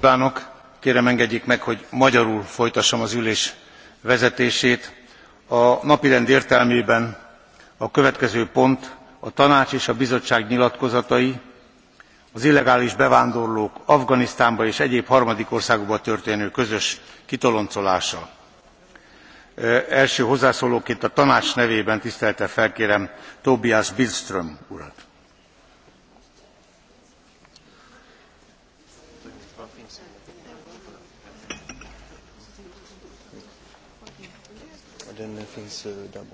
kvánok! kérem engedjék meg hogy magyarul folytassam az ülés vezetését. a napirend értelmében a következő pont a tanács és a bizottság nyilatkozatai az illegális bevándorlók afganisztánba és egyéb harmadik országokba történő közös kitoloncolása. első hozzászólóként a tanács nevében tisztelettel felkérem tobias billström urat. den finns där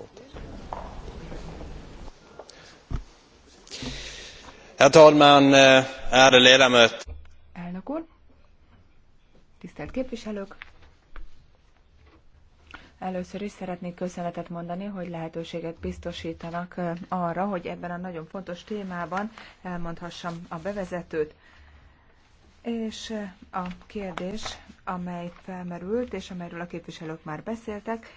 Herr talman, äh, ärade ledamöter! Elnök úr, tisztelt képviselők! Először is szeretnék köszönetet mondani, hogy lehetőséget biztosítanak äh, arra, hogy ebben a nagyon fontos témában elmondhassam a bevezetőt. És äh, a kérdés, amely felmerült, és amelyről a képviselők már beszéltek,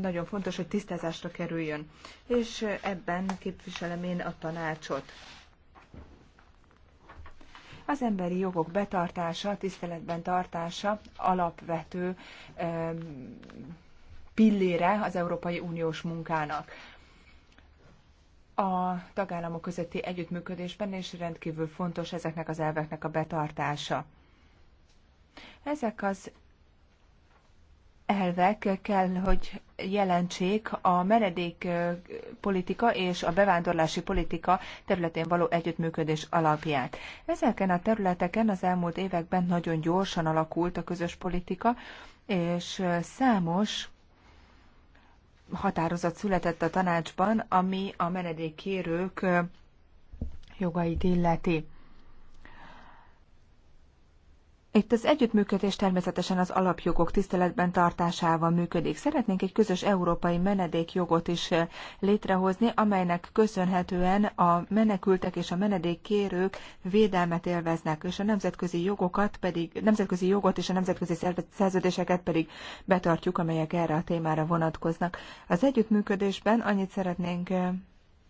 nagyon fontos, hogy tisztázásra kerüljön. És ebben képviselem én a tanácsot. Az emberi jogok betartása, tiszteletben tartása alapvető pillére az Európai Uniós munkának a tagállamok közötti együttműködésben, és rendkívül fontos ezeknek az elveknek a betartása. Ezek az elvek kell, hogy jelentsék a menedék politika és a bevándorlási politika területén való együttműködés alapját. Ezeken a területeken az elmúlt években nagyon gyorsan alakult a közös politika, és számos határozat született a tanácsban, ami a menedékkérők jogait illeti. Itt az együttműködés természetesen az alapjogok tiszteletben tartásával működik. Szeretnénk egy közös európai menedékjogot is eh, létrehozni, amelynek köszönhetően a menekültek és a menedékkérők védelmet élveznek, és a nemzetközi jogokat pedig, nemzetközi jogot és a nemzetközi szerződéseket pedig betartjuk, amelyek erre a témára vonatkoznak. Az együttműködésben annyit szeretnénk eh,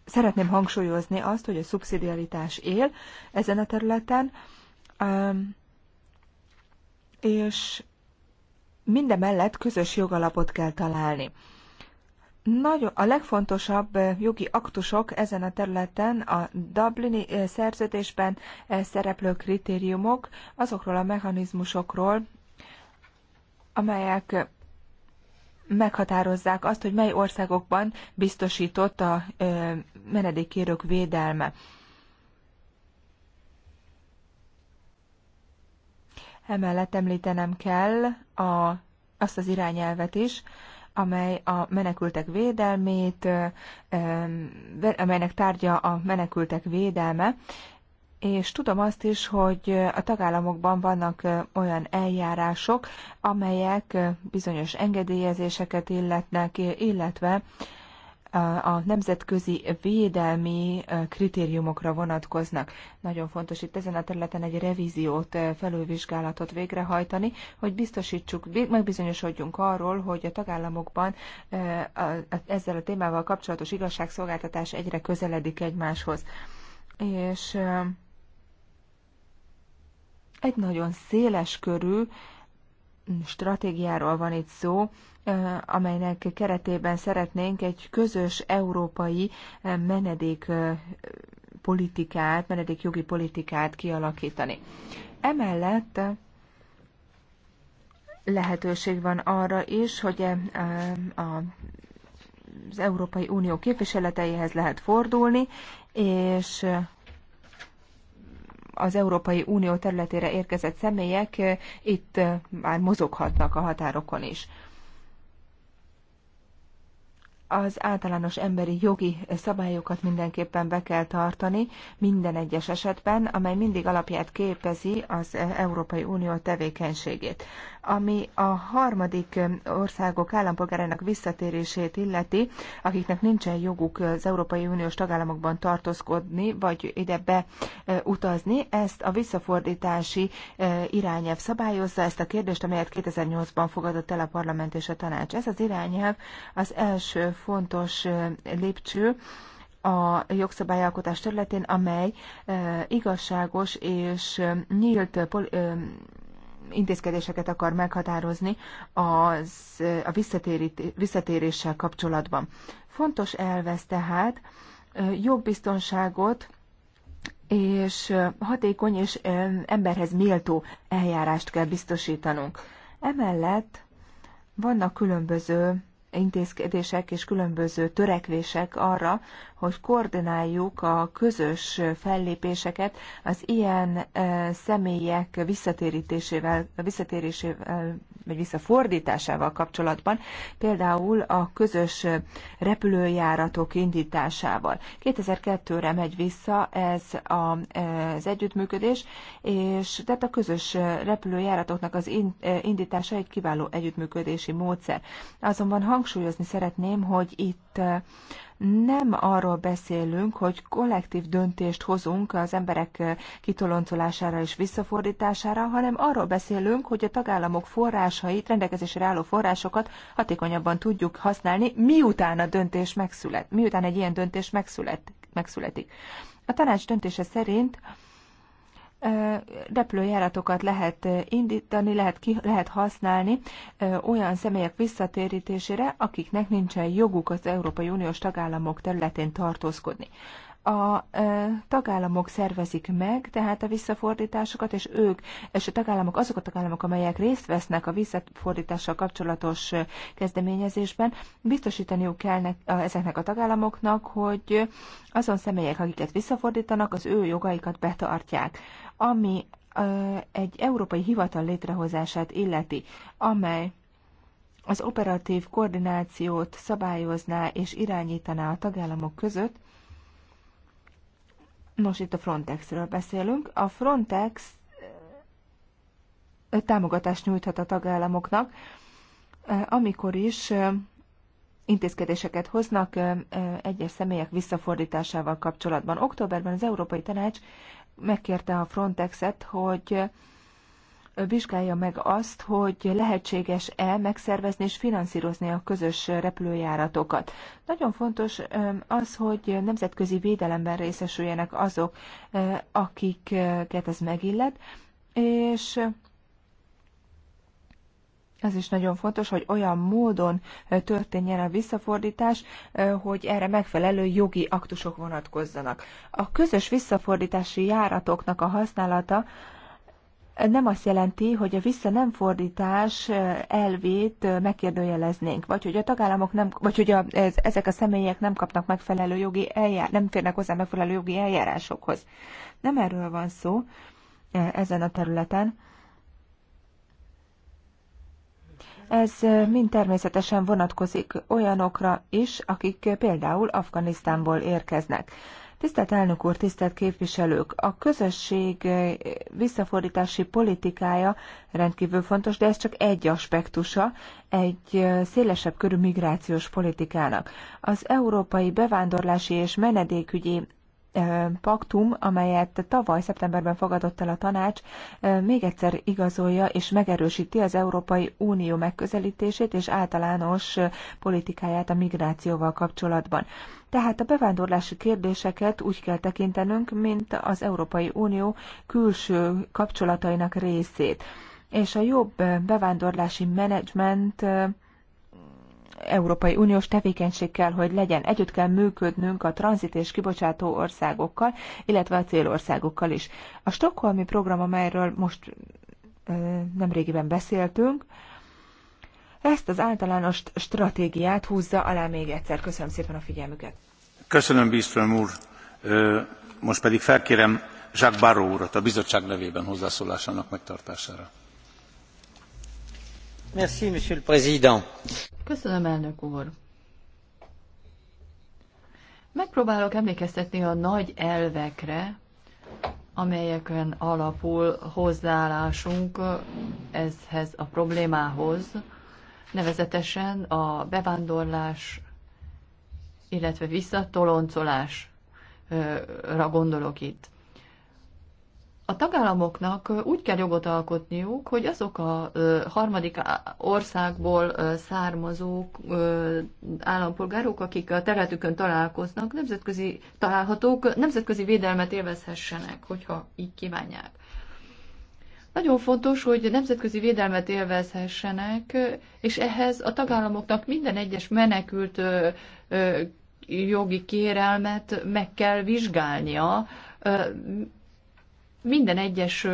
Szeretném hangsúlyozni azt, hogy a szubszidialitás él ezen a területen ehm, és mindemellett közös jogalapot kell találni. Nagy, a legfontosabb eh, jogi aktusok ezen a területen a Dublini eh, szerződésben eh, szereplő kritériumok, azokról a mechanizmusokról, amelyek meghatározzák azt, hogy mely országokban biztosított a menedékkérők védelme. Emellett említenem kell a, azt az irányelvet is, amely a menekültek védelmét, amelynek tárgya a menekültek védelme, és tudom azt is, hogy a tagállamokban vannak olyan eljárások, amelyek bizonyos engedélyezéseket illetnek, illetve a nemzetközi védelmi kritériumokra vonatkoznak. Nagyon fontos itt ezen a területen egy revíziót, felülvizsgálatot végrehajtani, hogy biztosítsuk, megbizonyosodjunk arról, hogy a tagállamokban ezzel a témával kapcsolatos igazságszolgáltatás egyre közeledik egymáshoz. És egy nagyon széles körű stratégiáról van itt szó, amelynek keretében szeretnénk egy közös európai menedék politikát, menedékjogi politikát kialakítani. Emellett lehetőség van arra is, hogy a, a az Európai Unió képviseleteihez lehet fordulni, és az Európai Unió területére érkezett személyek itt már mozoghatnak a határokon is az általános emberi jogi szabályokat mindenképpen be kell tartani minden egyes esetben, amely mindig alapját képezi az Európai Unió tevékenységét. Ami a harmadik országok állampolgárának visszatérését illeti, akiknek nincsen joguk az Európai Uniós tagállamokban tartózkodni, vagy ide beutazni, ezt a visszafordítási e, irányelv szabályozza, ezt a kérdést, amelyet 2008-ban fogadott el a parlament és a tanács. Ez az irányelv az első fontos lépcső a jogszabályalkotás területén, amely igazságos és nyílt intézkedéseket akar meghatározni az, a visszatéréssel kapcsolatban. Fontos elvesz tehát jogbiztonságot és hatékony és emberhez méltó eljárást kell biztosítanunk. Emellett vannak különböző intézkedések és különböző törekvések arra, hogy koordináljuk a közös fellépéseket az ilyen személyek visszatérítésével, visszatérésével vagy visszafordításával kapcsolatban, például a közös repülőjáratok indításával. 2002-re megy vissza ez a, az együttműködés, és tehát a közös repülőjáratoknak az indítása egy kiváló együttműködési módszer. Azonban hang hangsúlyozni szeretném, hogy itt eh, nem arról beszélünk, hogy kollektív döntést hozunk az emberek eh, kitoloncolására és visszafordítására, hanem arról beszélünk, hogy a tagállamok forrásait, rendelkezésre álló forrásokat hatékonyabban tudjuk használni, miután a döntés megszület, miután egy ilyen döntés megszület, megszületik. A tanács döntése szerint repülőjáratokat lehet indítani, lehet, ki, lehet használni olyan személyek visszatérítésére, akiknek nincsen joguk az Európai Uniós tagállamok területén tartózkodni. A tagállamok szervezik meg, tehát a visszafordításokat, és ők, és a tagállamok, azok a tagállamok, amelyek részt vesznek a visszafordítással kapcsolatos kezdeményezésben, biztosítaniuk kell ne, ezeknek a tagállamoknak, hogy azon személyek, akiket visszafordítanak, az ő jogaikat betartják ami egy európai hivatal létrehozását illeti, amely az operatív koordinációt szabályozná és irányítaná a tagállamok között. Nos, itt a Frontexről beszélünk. A Frontex támogatást nyújthat a tagállamoknak, amikor is intézkedéseket hoznak egyes személyek visszafordításával kapcsolatban. Októberben az Európai Tanács megkérte a Frontexet, hogy vizsgálja meg azt, hogy lehetséges-e megszervezni és finanszírozni a közös repülőjáratokat. Nagyon fontos az, hogy nemzetközi védelemben részesüljenek azok, akiket ez megillet, és az is nagyon fontos, hogy olyan módon történjen a visszafordítás, hogy erre megfelelő jogi aktusok vonatkozzanak. A közös visszafordítási járatoknak a használata nem azt jelenti, hogy a vissza nem fordítás elvét megkérdőjeleznénk, vagy hogy a tagállamok nem, vagy hogy a, ez, ezek a személyek nem kapnak megfelelő jogi eljárás, nem férnek hozzá megfelelő jogi eljárásokhoz. Nem erről van szó ezen a területen, Ez mind természetesen vonatkozik olyanokra is, akik például Afganisztánból érkeznek. Tisztelt elnök úr, tisztelt képviselők! A közösség visszafordítási politikája rendkívül fontos, de ez csak egy aspektusa egy szélesebb körű migrációs politikának. Az Európai Bevándorlási és Menedékügyi paktum, amelyet tavaly szeptemberben fogadott el a tanács, még egyszer igazolja és megerősíti az Európai Unió megközelítését és általános politikáját a migrációval kapcsolatban. Tehát a bevándorlási kérdéseket úgy kell tekintenünk, mint az Európai Unió külső kapcsolatainak részét. És a jobb bevándorlási menedzsment Európai Uniós tevékenység kell, hogy legyen. Együtt kell működnünk a tranzit és kibocsátó országokkal, illetve a célországokkal is. A Stockholmi program, amelyről most nemrégiben beszéltünk, ezt az általános stratégiát húzza alá még egyszer. Köszönöm szépen a figyelmüket. Köszönöm, Bíztrom úr. Most pedig felkérem Jacques Barrot urat a bizottság nevében hozzászólásának megtartására. Monsieur le Président. Köszönöm, elnök úr. Megpróbálok emlékeztetni a nagy elvekre, amelyeken alapul hozzáállásunk ezhez a problémához, nevezetesen a bevándorlás, illetve visszatoloncolásra gondolok itt a tagállamoknak úgy kell jogot alkotniuk, hogy azok a harmadik országból származó állampolgárok, akik a területükön találkoznak, nemzetközi találhatók, nemzetközi védelmet élvezhessenek, hogyha így kívánják. Nagyon fontos, hogy nemzetközi védelmet élvezhessenek, és ehhez a tagállamoknak minden egyes menekült jogi kérelmet meg kell vizsgálnia, minden egyes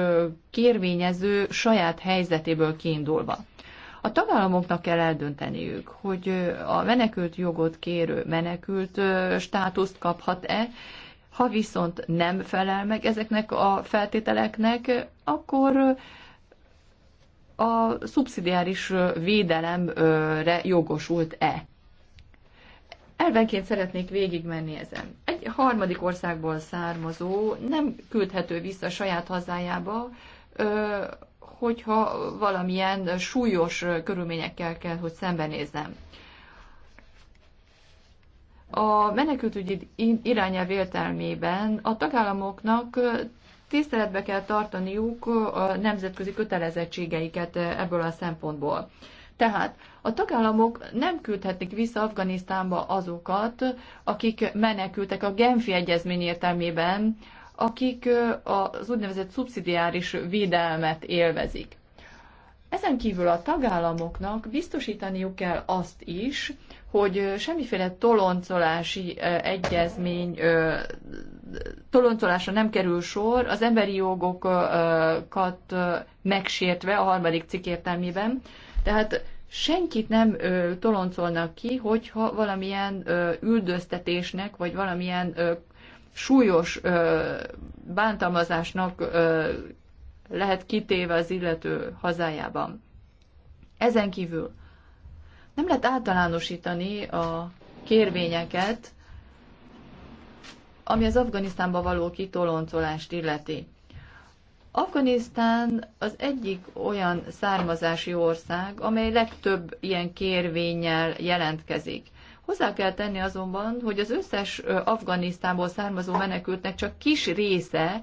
kérvényező saját helyzetéből kiindulva. A tagállamoknak kell eldönteniük, hogy a menekült jogot kérő menekült státuszt kaphat-e, ha viszont nem felel meg ezeknek a feltételeknek, akkor a szubszidiáris védelemre jogosult-e. Elvenként szeretnék végigmenni ezen. Egy harmadik országból származó nem küldhető vissza saját hazájába, hogyha valamilyen súlyos körülményekkel kell, hogy szembenézzem. A menekültügyi irányelv értelmében a tagállamoknak tiszteletbe kell tartaniuk a nemzetközi kötelezettségeiket ebből a szempontból. Tehát a tagállamok nem küldhetik vissza Afganisztánba azokat, akik menekültek a Genfi Egyezmény értelmében, akik az úgynevezett szubszidiáris védelmet élvezik. Ezen kívül a tagállamoknak biztosítaniuk kell azt is, hogy semmiféle toloncolási egyezmény, toloncolásra nem kerül sor, az emberi jogokat megsértve a harmadik cikk értelmében. Tehát senkit nem ö, toloncolnak ki, hogyha valamilyen ö, üldöztetésnek, vagy valamilyen ö, súlyos ö, bántalmazásnak ö, lehet kitéve az illető hazájában. Ezen kívül nem lehet általánosítani a kérvényeket, ami az Afganisztánba való kitoloncolást illeti. Afganisztán az egyik olyan származási ország, amely legtöbb ilyen kérvényel jelentkezik. Hozzá kell tenni azonban, hogy az összes Afganisztánból származó menekültnek csak kis része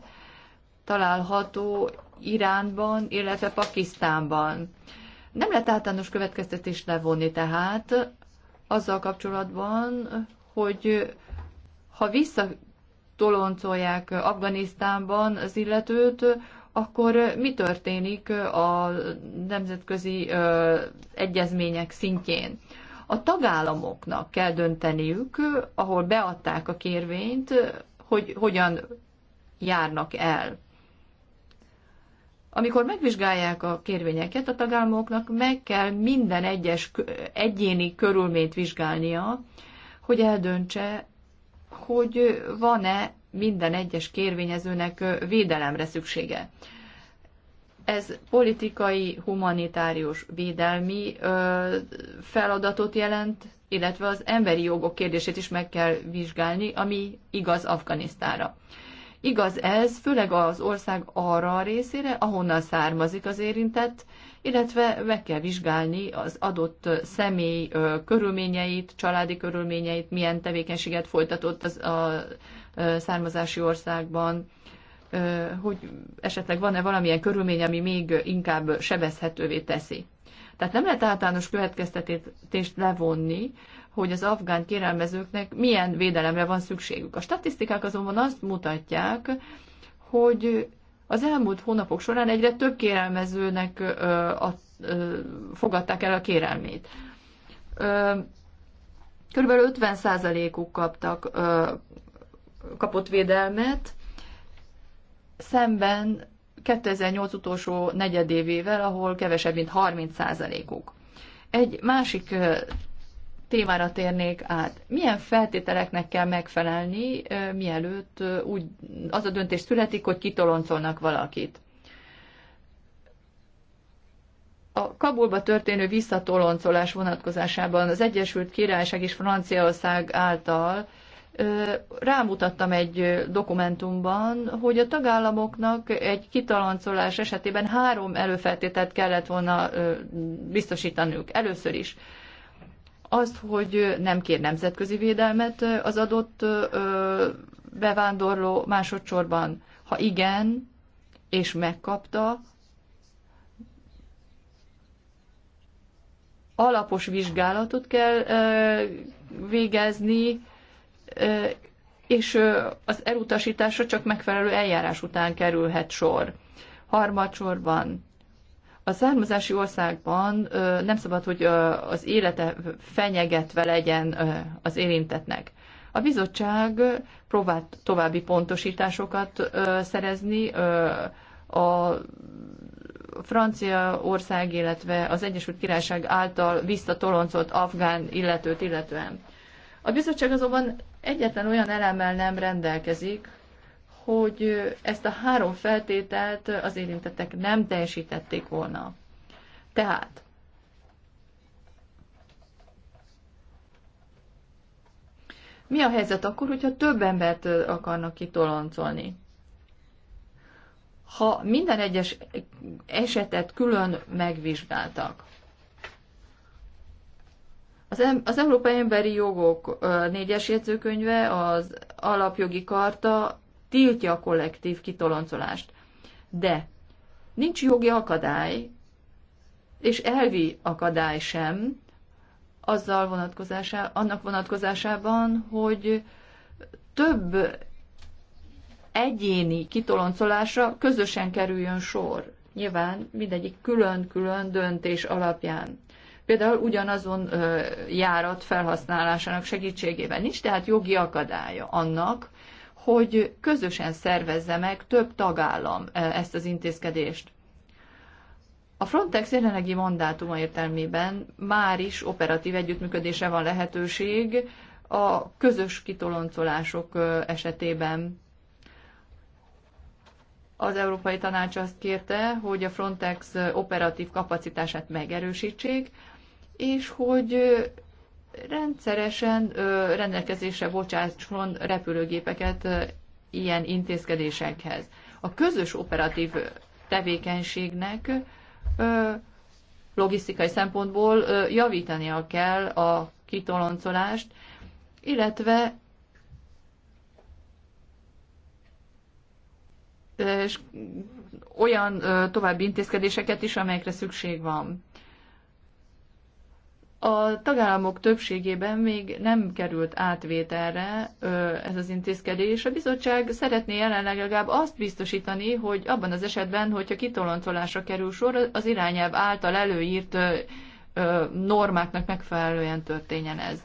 található Iránban, illetve Pakisztánban. Nem lehet általános következtetést levonni tehát azzal kapcsolatban, hogy ha visszatoloncolják Afganisztánban az illetőt, akkor mi történik a nemzetközi egyezmények szintjén? A tagállamoknak kell dönteniük, ahol beadták a kérvényt, hogy hogyan járnak el. Amikor megvizsgálják a kérvényeket, a tagállamoknak meg kell minden egyes egyéni körülményt vizsgálnia, hogy eldöntse, hogy van-e minden egyes kérvényezőnek védelemre szüksége. Ez politikai, humanitárius, védelmi feladatot jelent, illetve az emberi jogok kérdését is meg kell vizsgálni, ami igaz Afganisztára. Igaz ez, főleg az ország arra a részére, ahonnan származik az érintett, illetve meg kell vizsgálni az adott személy körülményeit, családi körülményeit, milyen tevékenységet folytatott az, a származási országban, hogy esetleg van-e valamilyen körülmény, ami még inkább sebezhetővé teszi. Tehát nem lehet általános következtetést levonni, hogy az afgán kérelmezőknek milyen védelemre van szükségük. A statisztikák azonban azt mutatják, hogy az elmúlt hónapok során egyre több kérelmezőnek fogadták el a kérelmét. Körülbelül 50%-uk kaptak, kapott védelmet, szemben 2008 utolsó negyedévével, ahol kevesebb, mint 30%-uk. Egy másik témára térnék át. Milyen feltételeknek kell megfelelni, mielőtt úgy, az a döntés születik, hogy kitoloncolnak valakit? A Kabulba történő visszatoloncolás vonatkozásában az Egyesült Királyság és Franciaország által rámutattam egy dokumentumban, hogy a tagállamoknak egy kitoloncolás esetében három előfeltételt kellett volna biztosítaniuk. Először is azt, hogy nem kér nemzetközi védelmet az adott bevándorló másodszorban. Ha igen, és megkapta, alapos vizsgálatot kell végezni, és az elutasításra csak megfelelő eljárás után kerülhet sor. Harmadsorban a származási országban nem szabad, hogy az élete fenyegetve legyen az érintetnek. A bizottság próbált további pontosításokat szerezni a Franciaország, illetve az Egyesült Királyság által visszatoloncolt afgán illetőt illetően. A bizottság azonban egyetlen olyan elemmel nem rendelkezik, hogy ezt a három feltételt az érintettek nem teljesítették volna. Tehát Mi a helyzet akkor, hogyha több embert akarnak kitoloncolni? Ha minden egyes esetet külön megvizsgáltak, az, az Európai Emberi Jogok négyes jegyzőkönyve, az alapjogi karta tiltja a kollektív kitoloncolást. De nincs jogi akadály, és elvi akadály sem, azzal vonatkozásá, annak vonatkozásában, hogy több egyéni kitoloncolásra közösen kerüljön sor. Nyilván mindegyik külön-külön döntés alapján. Például ugyanazon ö, járat felhasználásának segítségével. Nincs tehát jogi akadálya annak, hogy közösen szervezze meg több tagállam e, ezt az intézkedést. A Frontex jelenlegi mandátuma értelmében már is operatív együttműködésre van lehetőség a közös kitoloncolások e, esetében. Az Európai Tanács azt kérte, hogy a Frontex operatív kapacitását megerősítsék, és hogy rendszeresen rendelkezésre bocsátson repülőgépeket ilyen intézkedésekhez. A közös operatív tevékenységnek logisztikai szempontból javítania kell a kitoloncolást, illetve olyan további intézkedéseket is, amelyekre szükség van. A tagállamok többségében még nem került átvételre ez az intézkedés. A bizottság szeretné jelenleg legalább azt biztosítani, hogy abban az esetben, hogyha kitoloncolásra kerül sor, az irányelv által előírt normáknak megfelelően történjen ez.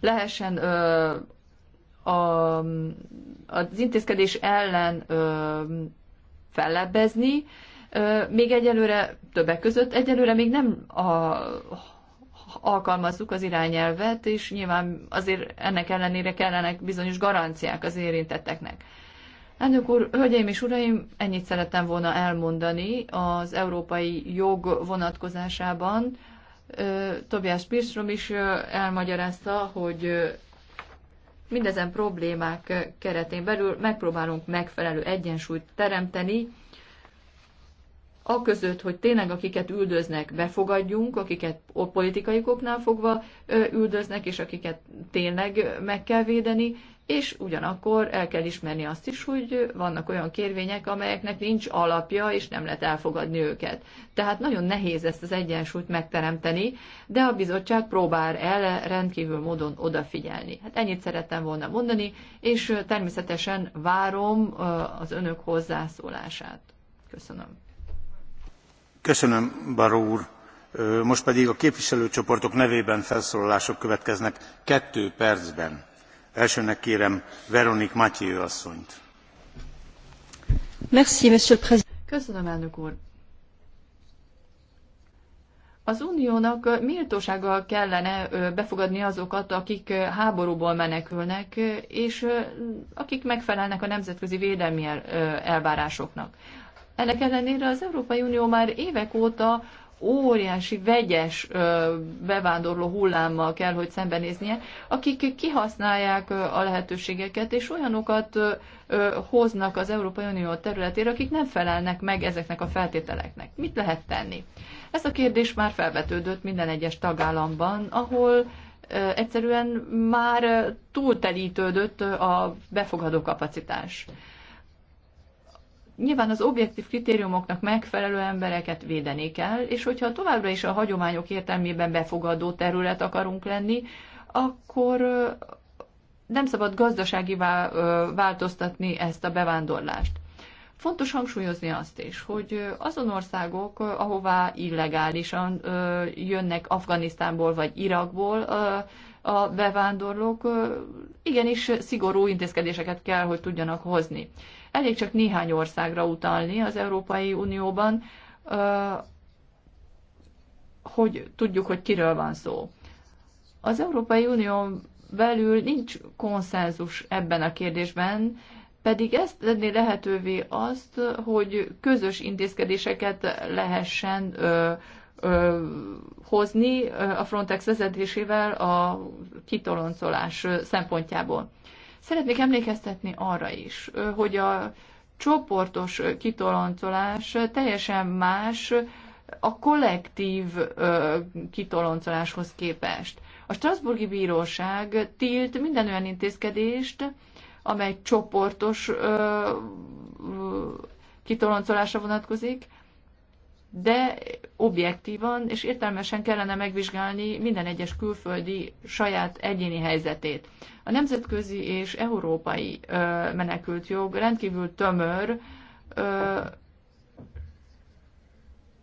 Lehessen a, az intézkedés ellen ö, fellebbezni, még egyelőre, többek között, egyelőre még nem a, alkalmazzuk az irányelvet, és nyilván azért ennek ellenére kellenek bizonyos garanciák az érintetteknek. Elnök úr, hölgyeim és uraim, ennyit szerettem volna elmondani az európai jog vonatkozásában. Tobias Pirstrom is elmagyarázta, hogy mindezen problémák keretén belül megpróbálunk megfelelő egyensúlyt teremteni, a között, hogy tényleg akiket üldöznek, befogadjunk, akiket politikai oknál fogva üldöznek, és akiket tényleg meg kell védeni, és ugyanakkor el kell ismerni azt is, hogy vannak olyan kérvények, amelyeknek nincs alapja, és nem lehet elfogadni őket. Tehát nagyon nehéz ezt az egyensúlyt megteremteni, de a bizottság próbál el rendkívül módon odafigyelni. Hát ennyit szerettem volna mondani, és természetesen várom az önök hozzászólását. Köszönöm. Köszönöm, Baró úr. Most pedig a képviselőcsoportok nevében felszólalások következnek kettő percben. Elsőnek kérem véronique Mathieu asszonyt. Köszönöm, elnök úr. Az uniónak méltósággal kellene befogadni azokat, akik háborúból menekülnek, és akik megfelelnek a nemzetközi védelmi elvárásoknak. Ennek ellenére az Európai Unió már évek óta óriási vegyes bevándorló hullámmal kell, hogy szembenéznie, akik kihasználják a lehetőségeket, és olyanokat hoznak az Európai Unió területére, akik nem felelnek meg ezeknek a feltételeknek. Mit lehet tenni? Ez a kérdés már felvetődött minden egyes tagállamban, ahol egyszerűen már túltelítődött a befogadó kapacitás nyilván az objektív kritériumoknak megfelelő embereket védeni kell, és hogyha továbbra is a hagyományok értelmében befogadó terület akarunk lenni, akkor nem szabad gazdasági változtatni ezt a bevándorlást. Fontos hangsúlyozni azt is, hogy azon országok, ahová illegálisan jönnek Afganisztánból vagy Irakból a bevándorlók, igenis szigorú intézkedéseket kell, hogy tudjanak hozni. Elég csak néhány országra utalni az Európai Unióban, hogy tudjuk, hogy kiről van szó. Az Európai Unión belül nincs konszenzus ebben a kérdésben, pedig ezt tenni lehetővé azt, hogy közös intézkedéseket lehessen ö, ö, hozni a Frontex vezetésével a kitoloncolás szempontjából. Szeretnék emlékeztetni arra is, hogy a csoportos kitoloncolás teljesen más a kollektív kitoloncoláshoz képest. A Strasburgi Bíróság tilt minden olyan intézkedést, amely csoportos kitoloncolásra vonatkozik, de objektívan és értelmesen kellene megvizsgálni minden egyes külföldi saját egyéni helyzetét. A nemzetközi és európai ö, menekült jog rendkívül tömör, ö,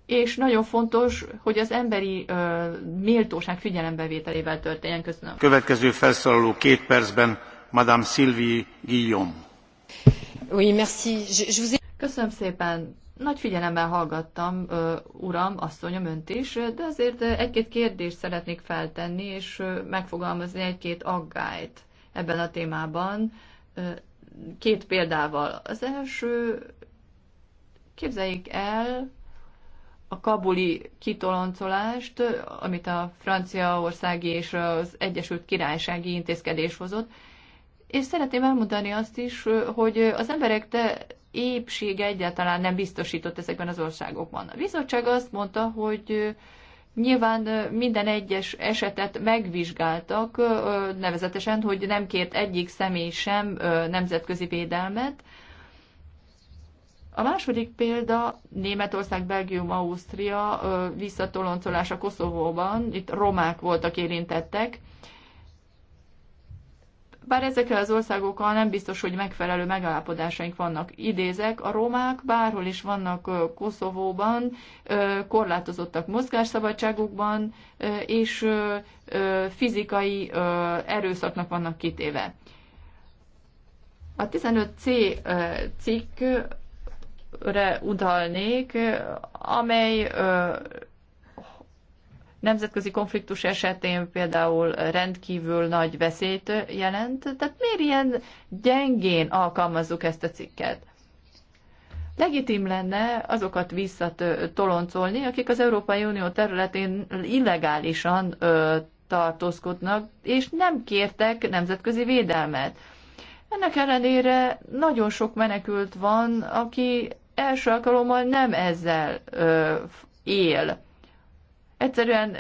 és nagyon fontos, hogy az emberi ö, méltóság figyelembevételével történjen. Köszönöm. Következő felszólaló két percben Madame Sylvie Guillaume. Oui, merci. Köszönöm szépen nagy figyelemmel hallgattam, uram, asszonyom, önt is, de azért egy-két kérdést szeretnék feltenni, és megfogalmazni egy-két aggályt ebben a témában. Két példával. Az első, képzeljék el a kabuli kitoloncolást, amit a franciaországi és az Egyesült Királysági intézkedés hozott, és szeretném elmondani azt is, hogy az emberek te épség egyáltalán nem biztosított ezekben az országokban. A bizottság azt mondta, hogy nyilván minden egyes esetet megvizsgáltak, nevezetesen, hogy nem kért egyik személy sem nemzetközi védelmet. A második példa Németország, Belgium, Ausztria visszatoloncolása Koszovóban, itt romák voltak érintettek, bár ezekkel az országokkal nem biztos, hogy megfelelő megállapodásaink vannak. Idézek, a romák bárhol is vannak Koszovóban, korlátozottak mozgásszabadságukban, és fizikai erőszaknak vannak kitéve. A 15C cikkre utalnék, amely nemzetközi konfliktus esetén például rendkívül nagy veszélyt jelent, tehát miért ilyen gyengén alkalmazzuk ezt a cikket? Legitim lenne azokat visszatoloncolni, akik az Európai Unió területén illegálisan ö, tartózkodnak, és nem kértek nemzetközi védelmet. Ennek ellenére nagyon sok menekült van, aki első alkalommal nem ezzel ö, él Egyszerűen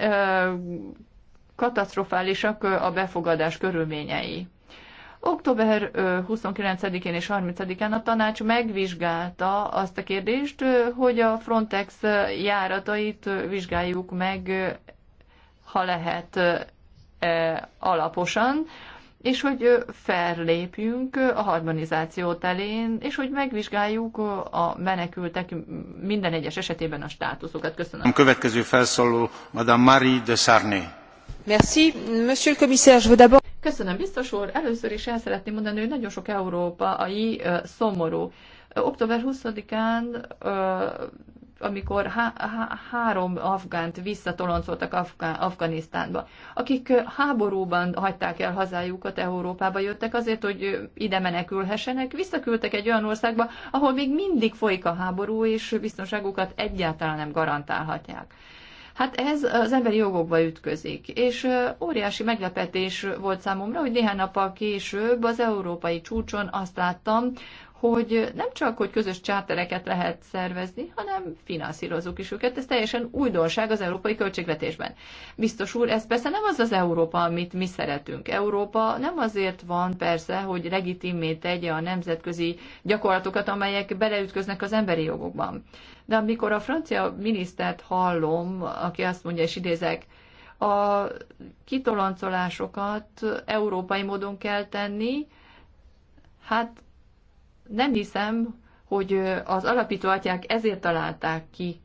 katasztrofálisak a befogadás körülményei. Október 29-én és 30-án a tanács megvizsgálta azt a kérdést, hogy a Frontex járatait vizsgáljuk meg, ha lehet alaposan, és hogy fellépjünk a harmonizáció telén, és hogy megvizsgáljuk a menekültek minden egyes esetében a státuszokat. Köszönöm. A következő felszóló Madame Marie de Sarné. Merci, monsieur le commissaire, je veux d'abord... Köszönöm, biztos úr. Először is el szeretném mondani, hogy nagyon sok európai szomorú. Október 20-án amikor há- há- három afgánt visszatoloncoltak Afgán- Afganisztánba, akik háborúban hagyták el hazájukat, Európába jöttek azért, hogy ide menekülhessenek, visszaküldtek egy olyan országba, ahol még mindig folyik a háború, és biztonságukat egyáltalán nem garantálhatják. Hát ez az emberi jogokba ütközik, és óriási meglepetés volt számomra, hogy néhány nappal később az európai csúcson azt láttam, hogy nem csak, hogy közös csátereket lehet szervezni, hanem finanszírozunk is őket. Ez teljesen újdonság az európai költségvetésben. Biztos úr, ez persze nem az az Európa, amit mi szeretünk. Európa nem azért van persze, hogy legitimé tegye a nemzetközi gyakorlatokat, amelyek beleütköznek az emberi jogokban. De amikor a francia minisztert hallom, aki azt mondja, és idézek, a kitoloncolásokat európai módon kell tenni, hát nem hiszem, hogy az alapító atyák ezért találták ki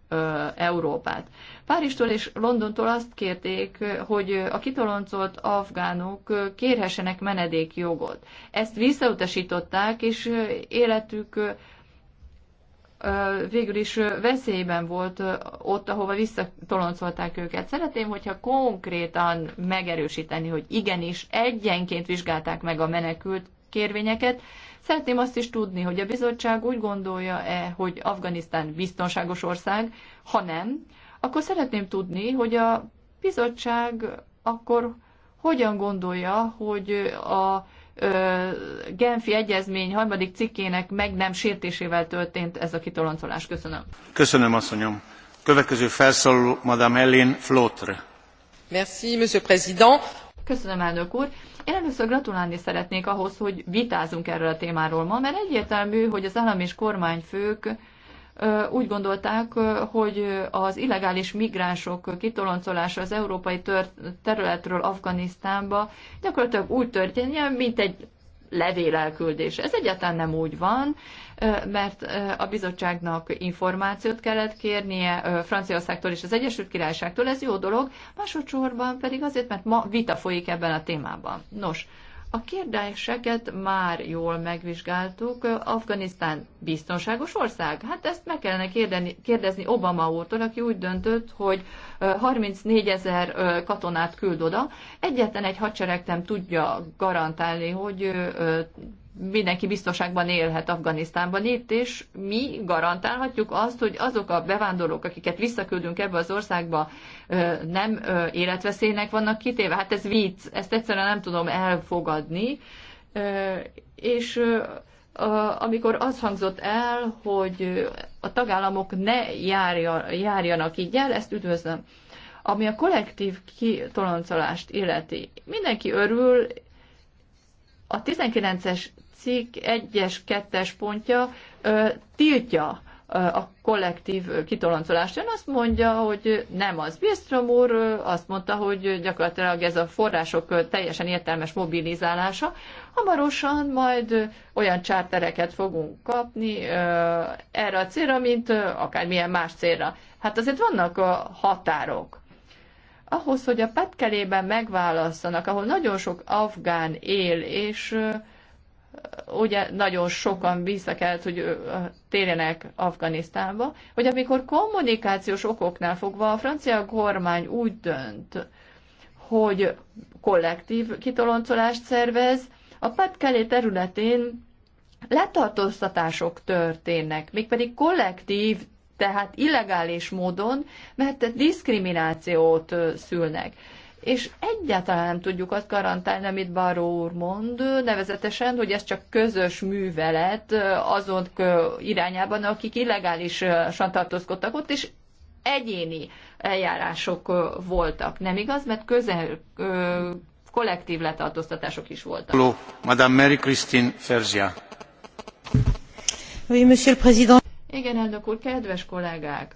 Európát. Párizstól és Londontól azt kérték, hogy a kitoloncolt afgánok kérhessenek menedékjogot. Ezt visszautasították, és életük végül is veszélyben volt ott, ahova visszatoloncolták őket. Szeretném, hogyha konkrétan megerősíteni, hogy igenis egyenként vizsgálták meg a menekült kérvényeket. Szeretném azt is tudni, hogy a bizottság úgy gondolja-e, hogy Afganisztán biztonságos ország, ha nem, akkor szeretném tudni, hogy a bizottság akkor hogyan gondolja, hogy a Genfi Egyezmény harmadik cikkének meg nem sértésével történt ez a kitoloncolás. Köszönöm. Köszönöm, asszonyom. Következő felszólaló Madame Helen Flotre. Merci, Monsieur Président. Köszönöm, elnök úr. Én először gratulálni szeretnék ahhoz, hogy vitázunk erről a témáról ma, mert egyértelmű, hogy az állam és kormányfők úgy gondolták, hogy az illegális migránsok kitoloncolása az európai területről Afganisztánba gyakorlatilag úgy történjen, mint egy levélelküldés. Ez egyáltalán nem úgy van mert a bizottságnak információt kellett kérnie Franciaországtól és az Egyesült Királyságtól, ez jó dolog, másodszorban pedig azért, mert ma vita folyik ebben a témában. Nos, a kérdéseket már jól megvizsgáltuk. Afganisztán biztonságos ország? Hát ezt meg kellene kérdeni, kérdezni Obama úrtól, aki úgy döntött, hogy 34 ezer katonát küld oda. Egyetlen egy hadsereg nem tudja garantálni, hogy mindenki biztonságban élhet Afganisztánban itt, és mi garantálhatjuk azt, hogy azok a bevándorlók, akiket visszaküldünk ebbe az országba, nem életveszélynek vannak kitéve. Hát ez vicc, ezt egyszerűen nem tudom elfogadni. És amikor az hangzott el, hogy a tagállamok ne járja, járjanak így el, ezt üdvözlöm. Ami a kollektív kitoloncolást illeti, mindenki örül, a 19-es cikk 1-es, 2-es pontja tiltja a kollektív kitoloncolást. Ön azt mondja, hogy nem az. Bistrom úr azt mondta, hogy gyakorlatilag ez a források teljesen értelmes mobilizálása. Hamarosan majd olyan csártereket fogunk kapni erre a célra, mint akármilyen más célra. Hát azért vannak a határok. Ahhoz, hogy a petkelében megválasszanak, ahol nagyon sok afgán él, és ugye nagyon sokan vissza kellett, hogy térjenek Afganisztánba, hogy amikor kommunikációs okoknál fogva a francia kormány úgy dönt, hogy kollektív kitoloncolást szervez, a Patkelé területén letartóztatások történnek, mégpedig kollektív, tehát illegális módon, mert diszkriminációt szülnek és egyáltalán nem tudjuk azt garantálni, amit Baró úr mond, nevezetesen, hogy ez csak közös művelet azon irányában, akik illegálisan tartózkodtak ott, és egyéni eljárások voltak. Nem igaz? Mert közel kollektív letartóztatások is voltak. Madame Mary Christine Ferzia. Oui, Monsieur le Président. Igen, elnök úr, kedves kollégák!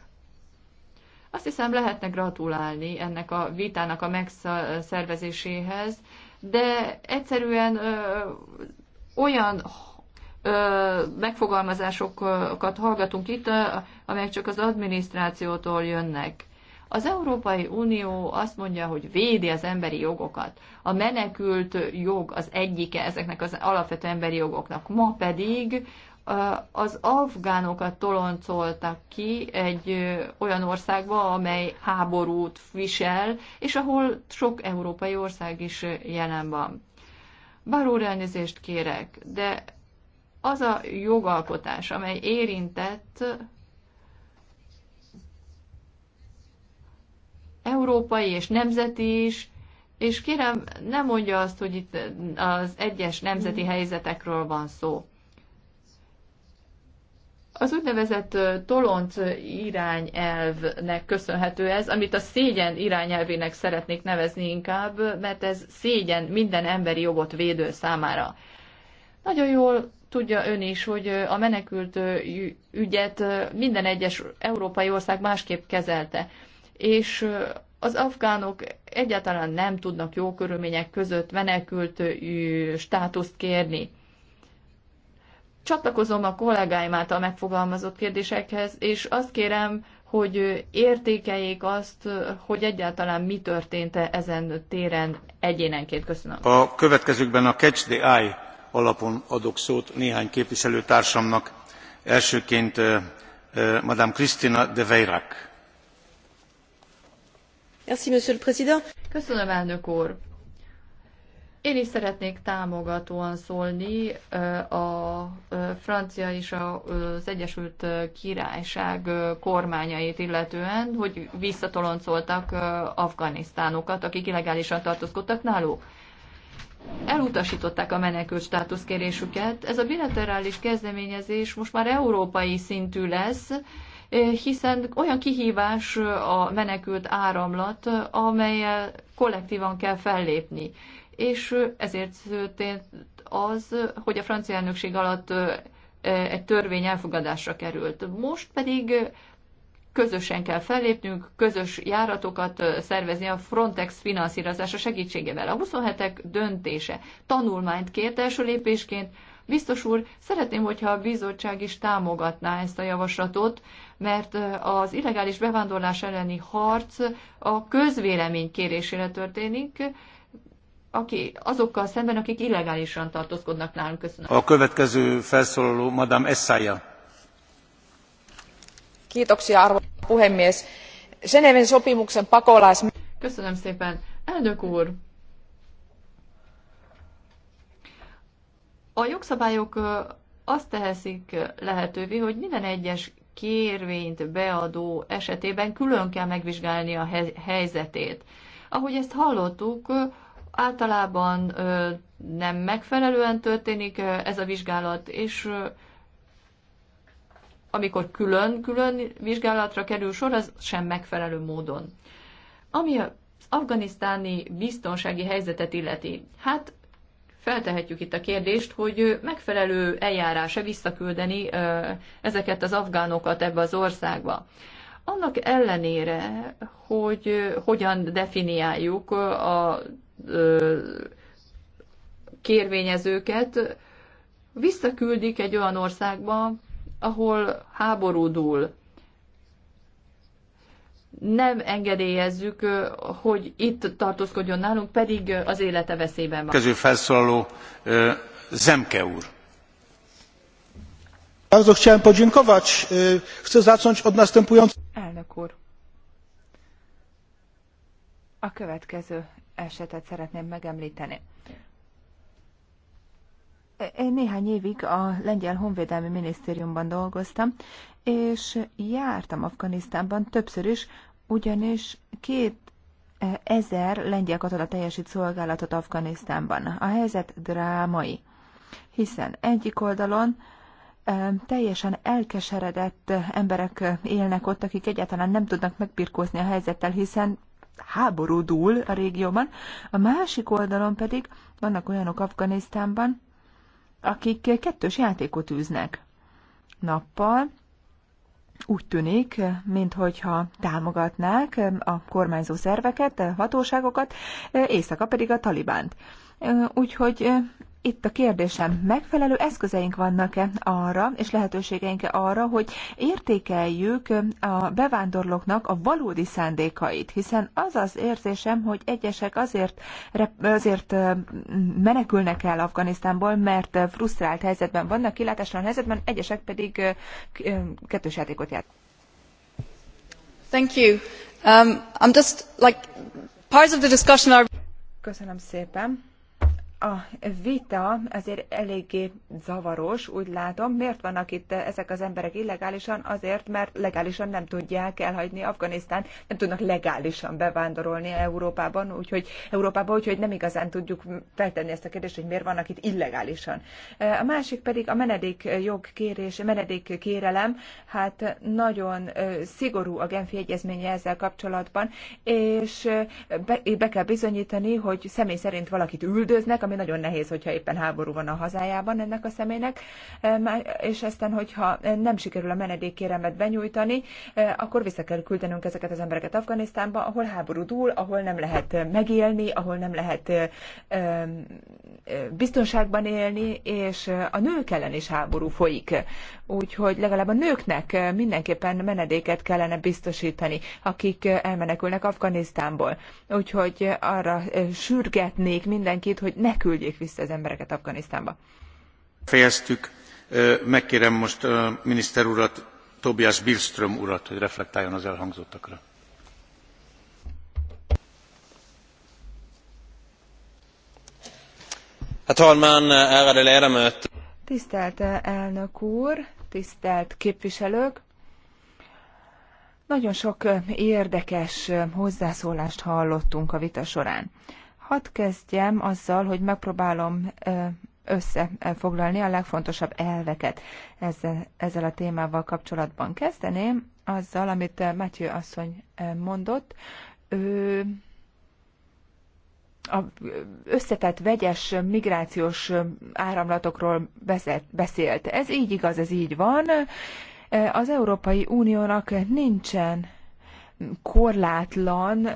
Azt hiszem lehetne gratulálni ennek a vitának a megszervezéséhez, de egyszerűen ö, olyan ö, megfogalmazásokat hallgatunk itt, amelyek csak az adminisztrációtól jönnek. Az Európai Unió azt mondja, hogy védi az emberi jogokat. A menekült jog az egyike ezeknek az alapvető emberi jogoknak. Ma pedig az afgánokat toloncoltak ki egy olyan országba, amely háborút visel, és ahol sok európai ország is jelen van. Bár elnézést kérek, de az a jogalkotás, amely érintett európai és nemzeti is, és kérem, ne mondja azt, hogy itt az egyes nemzeti mhm. helyzetekről van szó az úgynevezett Tolont irányelvnek köszönhető ez, amit a szégyen irányelvének szeretnék nevezni inkább, mert ez szégyen minden emberi jogot védő számára. Nagyon jól tudja ön is, hogy a menekült ügyet minden egyes európai ország másképp kezelte, és az afgánok egyáltalán nem tudnak jó körülmények között menekült státuszt kérni csatlakozom a kollégáim által megfogalmazott kérdésekhez, és azt kérem, hogy értékeljék azt, hogy egyáltalán mi történt -e ezen téren egyénenként. Köszönöm. A következőkben a Catch the Eye alapon adok szót néhány képviselőtársamnak. Elsőként Madame Kristina de Veyrac. Monsieur le Président. Köszönöm, elnök úr. Én is szeretnék támogatóan szólni a francia és az Egyesült Királyság kormányait illetően, hogy visszatoloncoltak afganisztánokat, akik illegálisan tartózkodtak náluk. Elutasították a menekült státuszkérésüket. Ez a bilaterális kezdeményezés most már európai szintű lesz, hiszen olyan kihívás a menekült áramlat, amelyel kollektívan kell fellépni és ezért történt az, hogy a francia elnökség alatt egy törvény elfogadásra került. Most pedig közösen kell fellépnünk, közös járatokat szervezni a Frontex finanszírozása segítségével. A 27-ek döntése tanulmányt kért első lépésként. Biztos úr, szeretném, hogyha a bizottság is támogatná ezt a javaslatot, mert az illegális bevándorlás elleni harc a közvélemény kérésére történik, aki, azokkal szemben, akik illegálisan tartózkodnak nálunk. Köszönöm. A következő felszólaló Madame Essaya. Kiitoksia, arvo puhemies. Geneven sopimuksen pakolás... Köszönöm szépen. Elnök úr, a jogszabályok azt teheszik lehetővé, hogy minden egyes kérvényt beadó esetében külön kell megvizsgálni a helyzetét. Ahogy ezt hallottuk, általában nem megfelelően történik ez a vizsgálat, és amikor külön-külön vizsgálatra kerül sor, az sem megfelelő módon. Ami az afganisztáni biztonsági helyzetet illeti, hát feltehetjük itt a kérdést, hogy megfelelő eljárása visszaküldeni ezeket az afgánokat ebbe az országba. Annak ellenére, hogy hogyan definiáljuk a kérvényezőket visszaküldik egy olyan országba, ahol háborúdul. Nem engedélyezzük, hogy itt tartózkodjon nálunk, pedig az élete veszélyben van. Kező felszólaló Zemke úr. Bardzo chciałem podziękować. Chcę zacząć od następującego. Elnök úr. A következő esetet szeretném megemlíteni. Én néhány évig a Lengyel Honvédelmi Minisztériumban dolgoztam, és jártam Afganisztánban többször is, ugyanis két eh, ezer lengyel katona teljesít szolgálatot Afganisztánban. A helyzet drámai, hiszen egyik oldalon eh, teljesen elkeseredett emberek eh, élnek ott, akik egyáltalán nem tudnak megbirkózni a helyzettel, hiszen háborúdul a régióban, a másik oldalon pedig vannak olyanok Afganisztánban, akik kettős játékot űznek nappal. Úgy tűnik, minthogyha támogatnák a kormányzó szerveket, hatóságokat, éjszaka pedig a talibánt. Úgyhogy itt a kérdésem, megfelelő eszközeink vannak-e arra, és lehetőségeink-e arra, hogy értékeljük a bevándorlóknak a valódi szándékait, hiszen az az érzésem, hogy egyesek azért, azért menekülnek el Afganisztánból, mert frusztrált helyzetben vannak, kilátástalan helyzetben, egyesek pedig kettős játékot játszanak. Thank you. Um, I'm just like parts of the discussion are. Köszönöm szépen a vita azért eléggé zavaros, úgy látom. Miért vannak itt ezek az emberek illegálisan? Azért, mert legálisan nem tudják elhagyni Afganisztán, nem tudnak legálisan bevándorolni Európában, úgyhogy Európában, úgyhogy nem igazán tudjuk feltenni ezt a kérdést, hogy miért vannak itt illegálisan. A másik pedig a menedék jogkérés, menedék kérelem, hát nagyon szigorú a Genfi egyezménye ezzel kapcsolatban, és be, be kell bizonyítani, hogy személy szerint valakit üldöznek, ami nagyon nehéz, hogyha éppen háború van a hazájában ennek a személynek, és aztán, hogyha nem sikerül a menedékkéremet benyújtani, akkor vissza kell küldenünk ezeket az embereket Afganisztánba, ahol háború dúl, ahol nem lehet megélni, ahol nem lehet biztonságban élni, és a nők ellen is háború folyik úgyhogy legalább a nőknek eh, mindenképpen menedéket kellene biztosítani, akik eh, elmenekülnek Afganisztánból. Úgyhogy eh, arra sürgetnék mindenkit, hogy ne küldjék vissza az embereket Afganisztánba. Fejeztük. Megkérem most miniszter urat, Tobias Billström urat, hogy reflektáljon az elhangzottakra. Herr talman, ärade Tisztelt elnök úr, tisztelt képviselők! Nagyon sok érdekes hozzászólást hallottunk a vita során. Hadd kezdjem azzal, hogy megpróbálom összefoglalni a legfontosabb elveket ezzel, ezzel a témával kapcsolatban. Kezdeném azzal, amit Matthew asszony mondott. Ő a összetett vegyes migrációs áramlatokról beszélt. Ez így igaz, ez így van. Az Európai Uniónak nincsen korlátlan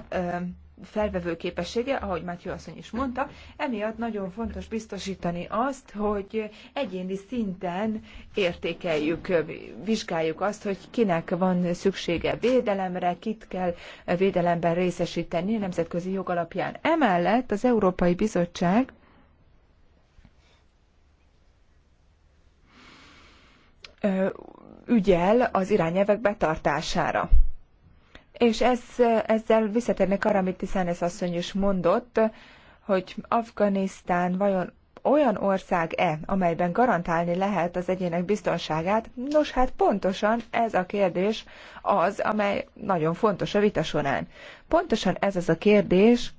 felvevő képessége, ahogy Mátyó asszony is mondta, emiatt nagyon fontos biztosítani azt, hogy egyéni szinten értékeljük, vizsgáljuk azt, hogy kinek van szüksége védelemre, kit kell védelemben részesíteni a nemzetközi jog alapján. Emellett az Európai Bizottság ügyel az irányelvek betartására. És ez, ezzel visszatérnek arra, amit Tiszánes asszony is mondott, hogy Afganisztán vajon olyan ország-e, amelyben garantálni lehet az egyének biztonságát? Nos, hát pontosan ez a kérdés az, amely nagyon fontos a vita során. Pontosan ez az a kérdés,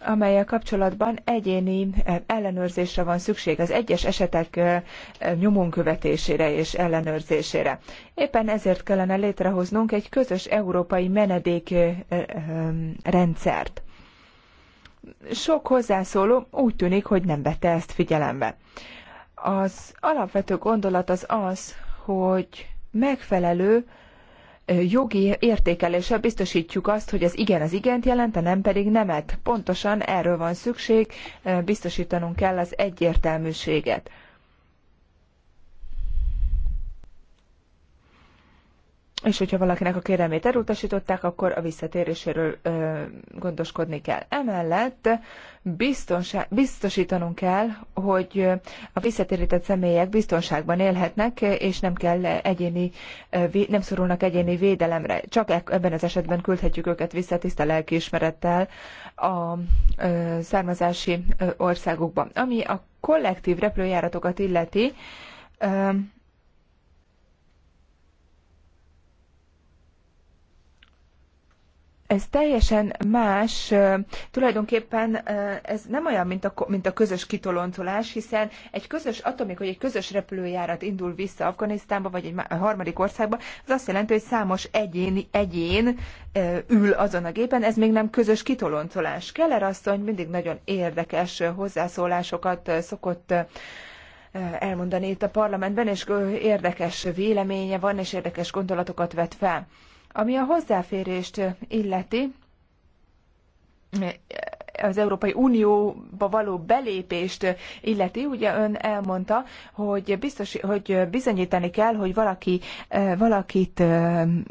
amelyel kapcsolatban egyéni eh, ellenőrzésre van szükség, az egyes esetek eh, eh, nyomon követésére és ellenőrzésére. Éppen ezért kellene létrehoznunk egy közös európai menedékrendszert. Sok hozzászóló úgy tűnik, hogy nem vette ezt figyelembe. Az alapvető gondolat az az, hogy megfelelő jogi értékeléssel biztosítjuk azt, hogy az igen az igent jelent, a nem pedig nemet. Pontosan erről van szükség, biztosítanunk kell az egyértelműséget. és hogyha valakinek a kérelmét elutasították, akkor a visszatéréséről ö, gondoskodni kell. Emellett biztonsá- biztosítanunk kell, hogy a visszatérített személyek biztonságban élhetnek, és nem kell egyéni, nem szorulnak egyéni védelemre. Csak ebben az esetben küldhetjük őket vissza tiszta lelkiismerettel a ö, származási országukba. Ami a kollektív repülőjáratokat illeti, ö, ez teljesen más, tulajdonképpen ez nem olyan, mint a, mint a közös kitoloncolás, hiszen egy közös atomik, hogy egy közös repülőjárat indul vissza Afganisztánba, vagy egy harmadik országba, az azt jelenti, hogy számos egyén, egyén ül azon a gépen, ez még nem közös kitoloncolás. Keller asszony mindig nagyon érdekes hozzászólásokat szokott elmondani itt a parlamentben, és érdekes véleménye van, és érdekes gondolatokat vet fel. Ami a hozzáférést illeti, az Európai Unióba való belépést illeti, ugye ön elmondta, hogy, biztos, hogy bizonyítani kell, hogy valaki, valakit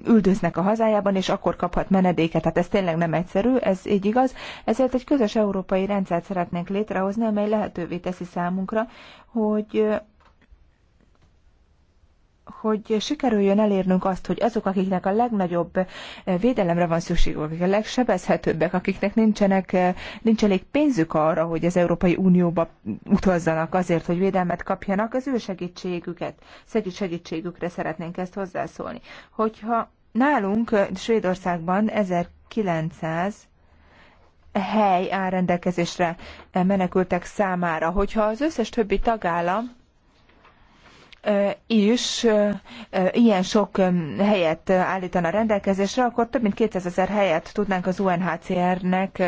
üldöznek a hazájában, és akkor kaphat menedéket. Tehát ez tényleg nem egyszerű, ez így igaz. Ezért egy közös európai rendszert szeretnénk létrehozni, amely lehetővé teszi számunkra, hogy hogy sikerüljön elérnünk azt, hogy azok, akiknek a legnagyobb eh, védelemre van szükségük, akik a legsebezhetőbbek, akiknek nincsenek, eh, nincs elég pénzük arra, hogy az Európai Unióba utazzanak azért, hogy védelmet kapjanak, az ő segítségüket, szegyű segítségükre szeretnénk ezt hozzászólni. Hogyha nálunk eh, Svédországban 1900 hely áll rendelkezésre menekültek számára, hogyha az összes többi tagállam is ilyen sok helyet álltana rendelkezésre, akkor több mint 200 ezer helyet tudnánk az UNHCR-nek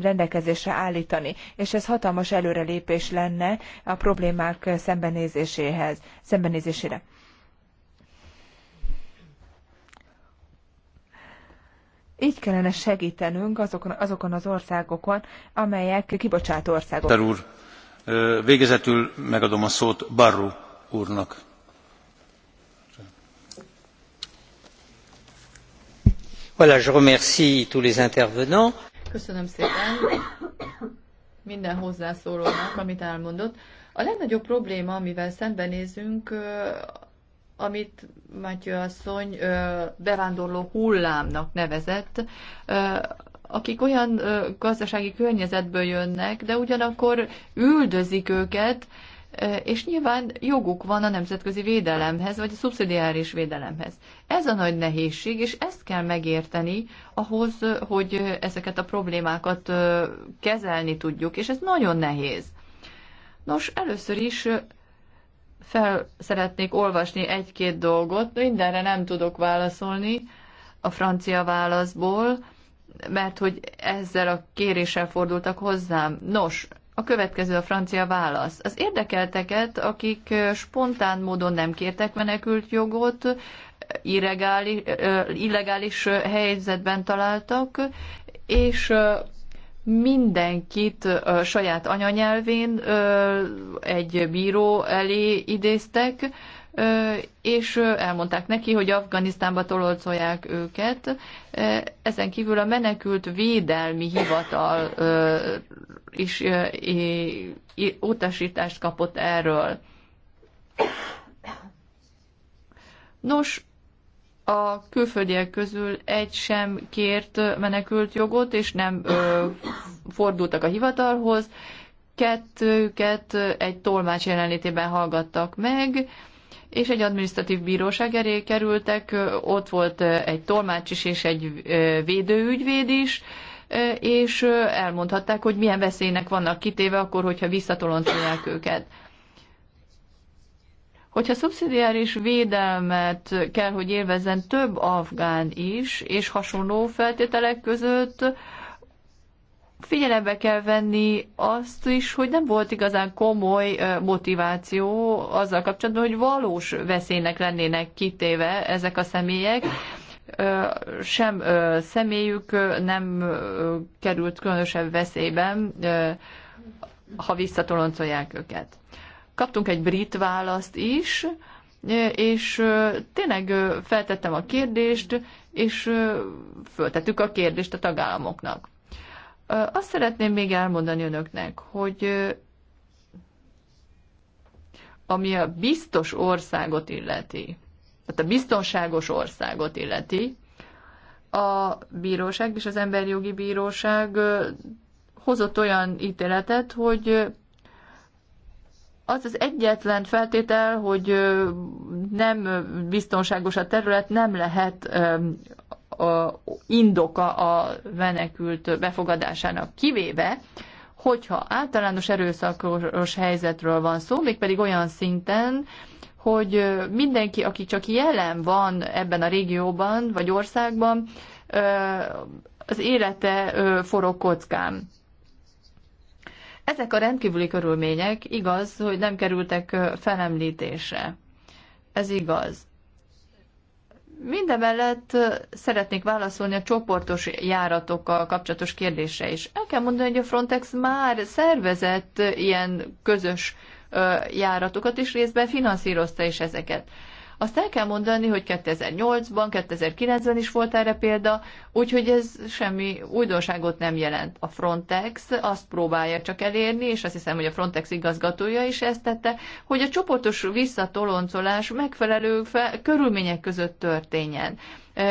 rendelkezésre állítani. És ez hatalmas előrelépés lenne a problémák szembenézéséhez, szembenézésére. Így kellene segítenünk azokon, azokon az országokon, amelyek kibocsátó országok. Úr, végezetül megadom a szót Barru úrnak. Voilà, je remercie tous les intervenants. Köszönöm szépen minden hozzászólónak, amit elmondott. A legnagyobb probléma, amivel szembenézünk, amit Matyő asszony bevándorló hullámnak nevezett, akik olyan gazdasági környezetből jönnek, de ugyanakkor üldözik őket, és nyilván joguk van a nemzetközi védelemhez, vagy a szubszidiáris védelemhez. Ez a nagy nehézség, és ezt kell megérteni ahhoz, hogy ezeket a problémákat kezelni tudjuk, és ez nagyon nehéz. Nos, először is fel szeretnék olvasni egy-két dolgot, mindenre nem tudok válaszolni a francia válaszból, mert hogy ezzel a kéréssel fordultak hozzám. Nos, a következő a francia válasz. Az érdekelteket, akik spontán módon nem kértek menekült jogot, illegális, illegális helyzetben találtak, és mindenkit a saját anyanyelvén egy bíró elé idéztek, és elmondták neki, hogy Afganisztánba tololcolják őket. Ezen kívül a menekült védelmi hivatal is utasítást kapott erről. Nos, a külföldiek közül egy sem kért menekült jogot, és nem ö, fordultak a hivatalhoz. Kettőket egy tolmács jelenlétében hallgattak meg. Ö, és egy adminisztratív bíróság elé kerültek, ott volt egy tolmács is és egy védőügyvéd is, és elmondhatták, hogy milyen veszélynek vannak kitéve akkor, hogyha visszatoloncolják őket. Hogyha szubszidiáris védelmet kell, hogy élvezzen több afgán is, és hasonló feltételek között, Figyelembe kell venni azt is, hogy nem volt igazán komoly motiváció azzal kapcsolatban, hogy valós veszélynek lennének kitéve ezek a személyek. Sem személyük nem került különösebb veszélyben, ha visszatoloncolják őket. Kaptunk egy brit választ is, és tényleg feltettem a kérdést, és föltettük a kérdést a tagállamoknak. Azt szeretném még elmondani önöknek, hogy ami a biztos országot illeti, tehát a biztonságos országot illeti, a bíróság és az emberjogi bíróság hozott olyan ítéletet, hogy az az egyetlen feltétel, hogy nem biztonságos a terület, nem lehet indoka a menekült befogadásának, kivéve, hogyha általános erőszakos helyzetről van szó, mégpedig olyan szinten, hogy mindenki, aki csak jelen van ebben a régióban vagy országban, az élete forog kockán. Ezek a rendkívüli körülmények igaz, hogy nem kerültek felemlítésre. Ez igaz. Mindemellett szeretnék válaszolni a csoportos járatokkal kapcsolatos kérdésre is. El kell mondani, hogy a Frontex már szervezett ilyen közös járatokat, is, részben finanszírozta is ezeket. Azt el kell mondani, hogy 2008-ban, 2009-ben is volt erre példa, úgyhogy ez semmi újdonságot nem jelent. A Frontex azt próbálja csak elérni, és azt hiszem, hogy a Frontex igazgatója is ezt tette, hogy a csoportos visszatoloncolás megfelelő fe- körülmények között történjen.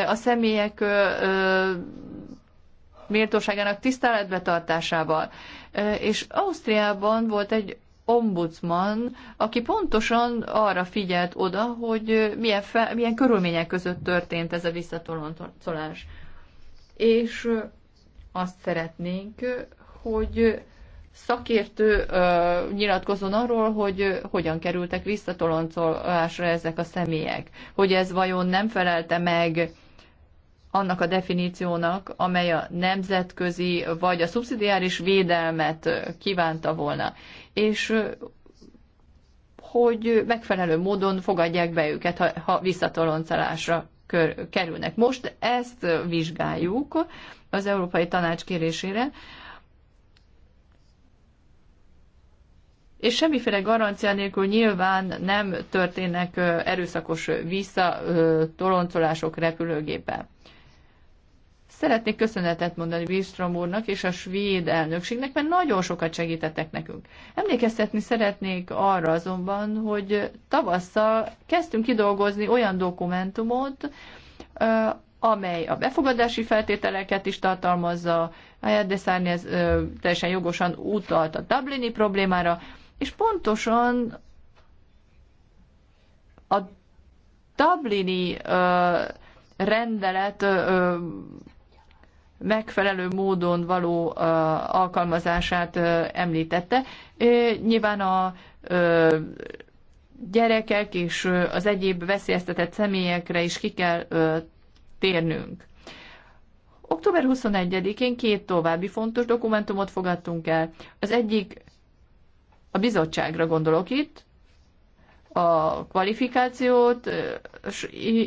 A személyek méltóságának tiszteletbetartásával. És Ausztriában volt egy ombudsman, aki pontosan arra figyelt oda, hogy milyen, fe, milyen körülmények között történt ez a visszatolontolás. És azt szeretnénk, hogy szakértő uh, nyilatkozon arról, hogy uh, hogyan kerültek visszatoloncolásra ezek a személyek. Hogy ez vajon nem felelte meg annak a definíciónak, amely a nemzetközi vagy a szubszidiáris védelmet kívánta volna, és hogy megfelelő módon fogadják be őket, ha, ha visszatoloncolásra kerülnek. Most ezt vizsgáljuk az Európai Tanács kérésére, és semmiféle garancia nélkül nyilván nem történnek erőszakos visszatoloncolások repülőgépe. Szeretnék köszönetet mondani Bistrom úrnak és a svéd elnökségnek, mert nagyon sokat segítettek nekünk. Emlékeztetni szeretnék arra azonban, hogy tavasszal kezdtünk kidolgozni olyan dokumentumot, amely a befogadási feltételeket is tartalmazza, de de ez teljesen jogosan utalt a Dublini problémára, és pontosan a Dublini rendelet megfelelő módon való alkalmazását említette. Nyilván a gyerekek és az egyéb veszélyeztetett személyekre is ki kell térnünk. Október 21-én két további fontos dokumentumot fogadtunk el. Az egyik a bizottságra gondolok itt, a kvalifikációt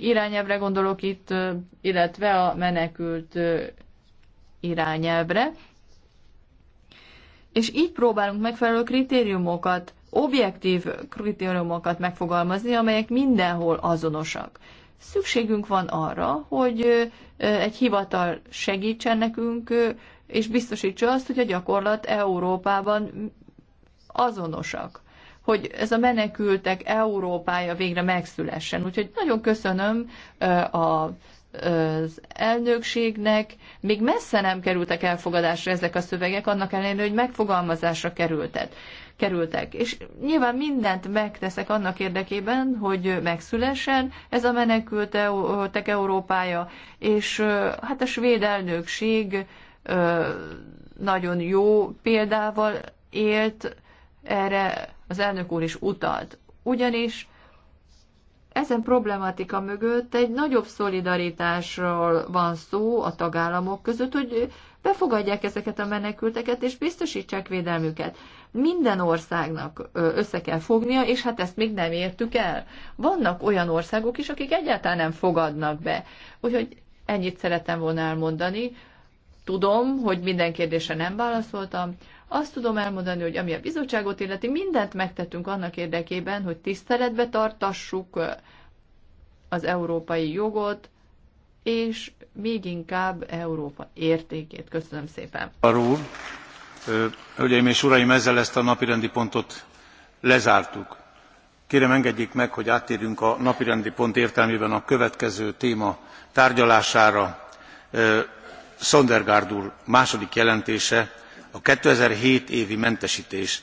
irányelvre gondolok itt, illetve a menekült irányelvre, és így próbálunk megfelelő kritériumokat, objektív kritériumokat megfogalmazni, amelyek mindenhol azonosak. Szükségünk van arra, hogy egy hivatal segítsen nekünk, és biztosítsa azt, hogy a gyakorlat Európában azonosak hogy ez a menekültek Európája végre megszülessen. Úgyhogy nagyon köszönöm a az elnökségnek még messze nem kerültek elfogadásra ezek a szövegek, annak ellenére, hogy megfogalmazásra kerültek. kerültek. És nyilván mindent megteszek annak érdekében, hogy megszülessen ez a menekültek Európája, és hát a svéd elnökség nagyon jó példával élt, erre az elnök úr is utalt. Ugyanis ezen problematika mögött egy nagyobb szolidaritásról van szó a tagállamok között, hogy befogadják ezeket a menekülteket, és biztosítsák védelmüket. Minden országnak össze kell fognia, és hát ezt még nem értük el. Vannak olyan országok is, akik egyáltalán nem fogadnak be. Úgyhogy ennyit szeretem volna elmondani. Tudom, hogy minden kérdésre nem válaszoltam. Azt tudom elmondani, hogy ami a bizottságot illeti, mindent megtettünk annak érdekében, hogy tiszteletbe tartassuk az európai jogot, és még inkább Európa értékét. Köszönöm szépen. Arról, hölgyeim és uraim, ezzel ezt a napirendi pontot lezártuk. Kérem engedjék meg, hogy áttérjünk a napirendi pont értelmében a következő téma tárgyalására. Sondergaard úr második jelentése, a two thousand and seven évi mentestés